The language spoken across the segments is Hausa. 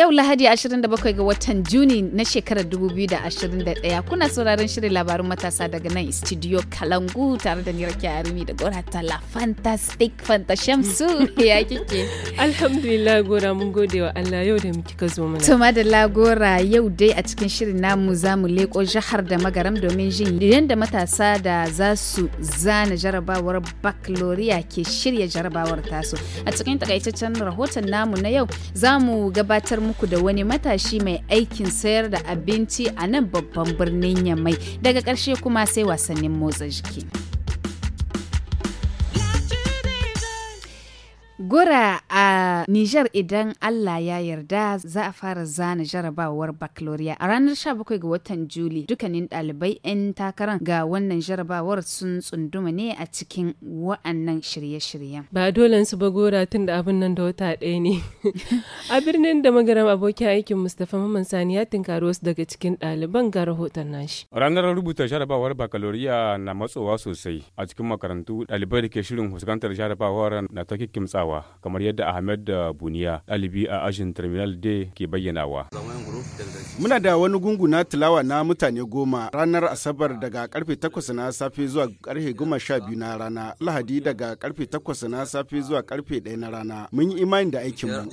yau Lahadi 27 ga watan Juni na shekarar 2021 kuna sauraron shirin labarun matasa daga nan studio Kalangu tare da Nira Kyarumi da Gora Tala Fantastic Fantashamsu ya kike. Alhamdulillah Gora mun gode wa Allah yau da muke kazo mana. To madalla Gora yau dai a cikin shirin namu za mu leko jihar da magaram domin jin yadda matasa da za su zana jarabawar baccalaureate ke shirya jarabawar tasu. A cikin takaitaccen rahoton namu na yau za mu gabatar muku da wani matashi mai aikin sayar da abinci a nan babban birnin Yamai. Daga ƙarshe kuma sai wasannin motsa jiki. gura a Nijar idan Allah ya yarda za a fara zana jarabawar baccalaureate a ranar 17 ga watan Juli. dukkanin ɗalibai 'yan takarar ga wannan jarabawar sun tsunduma ne a cikin wa'annan shirye-shiryen. Ba dole su ba gora tun da abin nan da wata ɗaya ne. a birnin da magaram abokin aikin Mustapha Mamman Sani ya tinkari wasu daga cikin ɗaliban ga rahoton nashi. Ranar rubuta jarabawar baccalaureate na matsowa sosai a cikin makarantu ɗalibai da ke shirin fuskantar jarabawar na ta kikkimtsawa. kamar yadda Ahmed da Buniya ɗalibi a ajin Terminal D ke bayyanawa. Muna da wani gungu na tilawa na mutane goma ranar Asabar daga karfe 8 na safe zuwa karfe 12 na rana, Lahadi daga karfe 8 na safe zuwa karfe 1 na rana. Mun yi imani da aikin mu.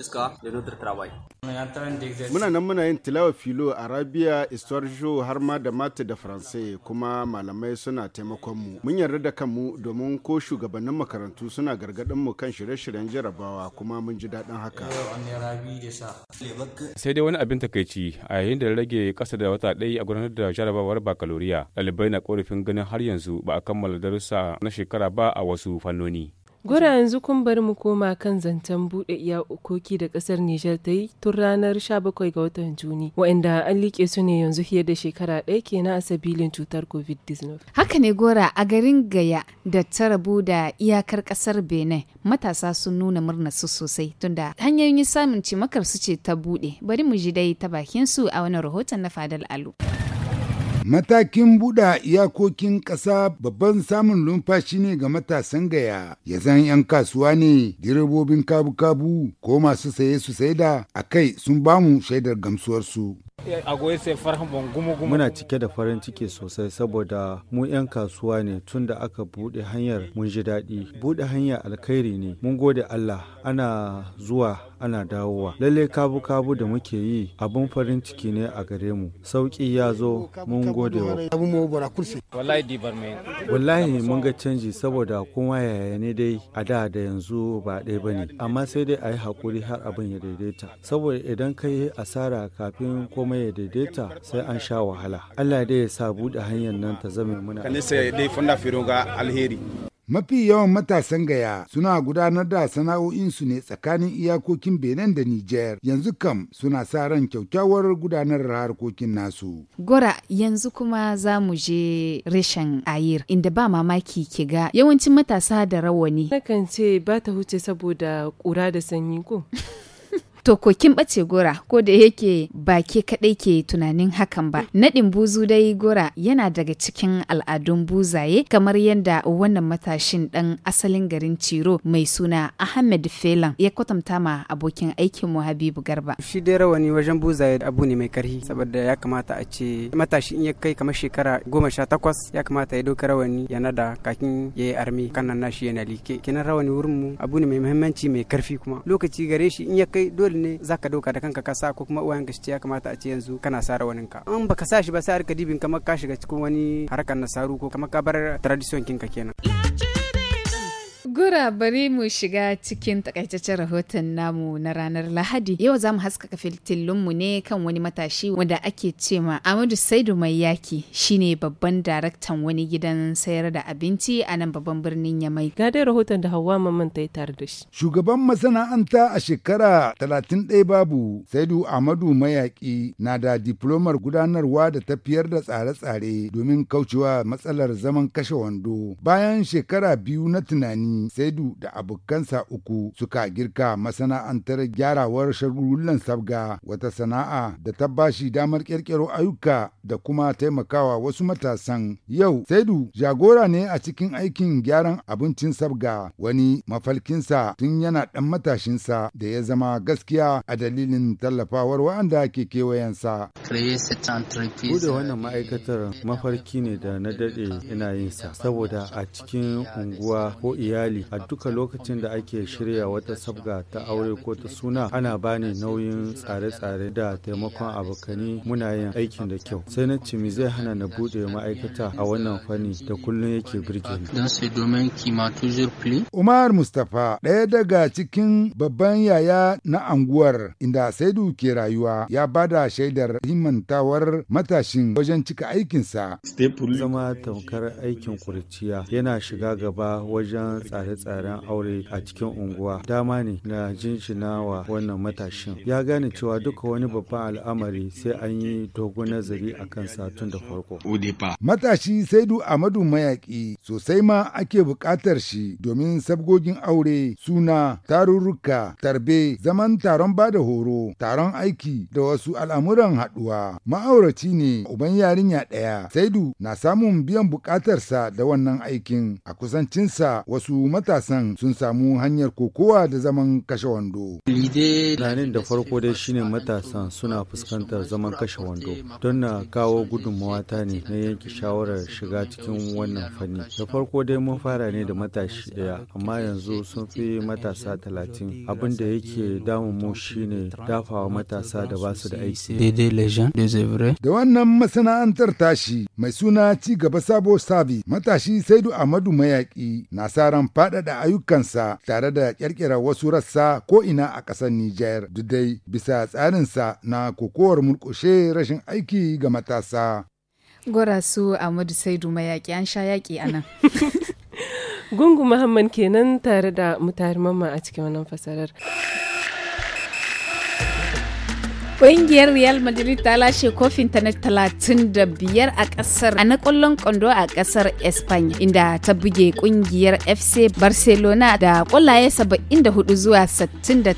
Muna nan muna yin tilawa filo Arabia, Istorjo har ma da Mata da faransa kuma malamai suna taimakon mu. Mun yarda da kanmu domin ko shugabannin makarantu suna gargaɗin mu kan shirye-shiryen jarabawa kuma mun ji daɗin haka. Sai dai wani abin takaici a yayin da rage kasa da wata ɗaya a gudanar da jarabawar bakaloriya ɗalibai na korafin ganin har yanzu ba a kammala darussa na shekara ba a wasu fannoni. gura yanzu kun bari mu koma kan zancen buɗe iyakoki da ƙasar Nijar ta yi tun ranar 17 ga watan Juni, waɗanda an liƙe su ne yanzu fiye da shekara ɗaya ke na sabilin cutar COVID-19. Haka ne Gora a garin Gaya da ta rabu da iyakar ƙasar Benin, matasa sun nuna murna su sosai tunda hanyoyin samun cimakar su ce ta buɗe. Bari mu ji dai ta bakin su a wani rahoton na Fadal Alu. Matakin buɗa iyakokin ƙasa babban samun numfashi ne ga matasan gaya, ya zan 'yan kasuwa ne, direbobin kabu-kabu ko masu saye su saida a kai sun bamu shaidar gamsuwarsu. Muna cike da farin ciki sosai saboda mu 'yan kasuwa ne tun da aka buɗe hanyar mun ji daɗi. Buɗe hanyar alkhairi ne, mun gode Allah ana zuwa ana dawowa lalle kabu kabu da muke yi abun farin ciki ne a gare mu sauki ya zo mun gode wa wallahi mun ga canji saboda kuma yaya ne dai a da da yanzu ba ɗaya ne. amma sai dai a yi hakuri har abin ya daidaita saboda idan ka yi asara kafin komai ya daidaita sai an sha wahala Allah dai ya sa buɗe hanyar nan ta zama muna alheri Mafi yawan matasan gaya suna gudanar da sana'o'insu ne tsakanin iyakokin Benin da Niger, yanzu kam suna sa ran kyaukyawar gudanar harkokin nasu. Gora yanzu kuma za mu je reshen ayir inda ba mamaki ke ga yawancin matasa da rawani. Nakan ce ba ta huce saboda ƙura da sanyi ko. To ko kin bace gora ko da yake ba ke kadai ke tunanin hakan ba. Naɗin buzu dai gora yana daga cikin al'adun buzaye kamar yadda wannan matashin ɗan asalin garin Ciro mai suna Ahmed Felan ya kwatanta ma abokin aikin mu Habibu Garba. Shi dai rawani wajen buzaye abu ne mai karhi saboda ya kamata a ce matashi in ya kai kamar shekara goma sha takwas ya kamata ya doka rawani ya nada kakin ya yi armi kanan nashi yana like. Kenan rawani wurin mu abu ne mai muhimmanci mai karfi kuma lokaci gare shi in ya kai dole ne zaka doka da kanka kasa ko kuma uwayen gashi ya kamata a ce yanzu kana sara wani ka in baka sa shi ba sai arka dibin kamar ka shiga cikin wani harkar nasaru ko kamar ka bar tradition kinka kenan Tura bari mu shiga cikin takaitaccen rahoton namu na ranar Lahadi. Yau za mu haskaka filtillinmu ne kan wani matashi wanda ake cema Amadu Saidu Mai Yaki shine babban daraktan wani gidan sayar da abinci a nan babban birnin Yamai. Ga dai rahoton da Hauwa Mamman ta yi tare da shi. Shugaban masana'anta a shekara 31 babu Saidu Amadu Mayaki na da diplomar gudanarwa da tafiyar da tsare-tsare domin kaucewa matsalar zaman kashe wando. Bayan shekara biyu na tunani saidu da abokansa uku suka girka masana'antar gyarawar shagulullan sabga wata sana'a da ta bashi damar ƙirƙiro ayyuka da kuma taimakawa wasu matasan yau saidu jagora ne a cikin aikin gyaran abincin sabga wani mafalkinsa tun yana ɗan matashinsa da ya zama gaskiya a dalilin tallafawar wa'anda ke kewayensa. da euh, wannan ma'aikatar mafarki ne da na daɗe ina yin saboda a cikin unguwa ko iyali a duka lokacin da ake shirya wata sabga ta aure ko ta suna ana bani nauyin tsare-tsare da taimakon abokani muna yin aikin da kyau sai na cimi zai hana na bude ma'aikata a wannan fanni da kullum yake birge ni. Umar Mustapha ɗaya daga cikin babban yaya na anguwar inda Saidu ke rayuwa ya bada shaidar himmantawar matashin wajen cika aikinsa. Zama tamkar aikin kurciya yana shiga gaba wajen tsare tsaren aure a cikin unguwa dama ne na jinjina wa wannan matashin ya gane cewa duka wani babban al'amari sai an yi dogon nazari a kan satun da farko matashi saidu amadu mayaki sosai ma ake buƙatar shi domin sabgogin aure suna tarurruka tarbe zaman taron bada horo taron aiki da wasu al'amuran haɗuwa ma'auraci ne uban yarinya ɗaya saidu na samun biyan buƙatarsa da wannan aikin a kusancinsa wasu mata matasan sun samu hanyar kokowa da zaman kashe wando. Tunanin da farko dai shine matasan suna fuskantar zaman kashe wando don na kawo gudunmawa ta ne na yanke shawarar shiga cikin wannan fanni. Da farko dai mun fara ne da matashi daya amma yanzu sun fi matasa talatin abin da yake damun mu shine dafawa matasa da ba su da aiki. Da wannan masana'antar tashi mai suna ci gaba sabo sabi matashi Saidu Amadu Mayaki na sa ran faɗaɗa ayyukansa tare da ƙirƙirar wasu rassa ko ina a ƙasar Nijar dudai bisa tsarinsa na kokowar mulkushe rashin aiki ga matasa. Gwara su Ahmadu Saidu mayaƙi an sha yaƙi a nan. Gungu Muhammad kenan tare da mutari a cikin wannan fasarar. Ƙungiyar Real Madrid ta lashe kofin ta na 35 a ƙasar a na ƙwallon kwando a ƙasar Espanya inda ta buge ƙungiyar FC Barcelona da ƙwallaye 74 zuwa 68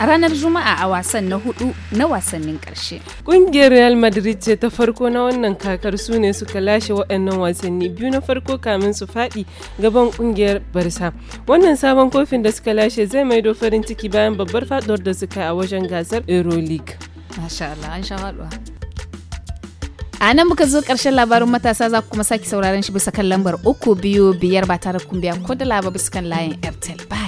a ranar Juma'a a wasan na hudu na wasannin ƙarshe. Ƙungiyar Real Madrid ce ta farko na wannan kakar su ne suka lashe waɗannan wasanni biyu na farko kamin su faɗi gaban ƙungiyar Barca. Wannan sabon kofin da suka lashe zai maido farin ciki bayan babbar faɗuwar da suka yi a wajen gasar Euroleague. Masha Allah, an sha A nan muka zo ƙarshen labarin matasa za ku kuma sake sauraron shi bisa kan lambar uku biyu biyar ba tare kun biya ko da laba bisa kan layin Airtel ba.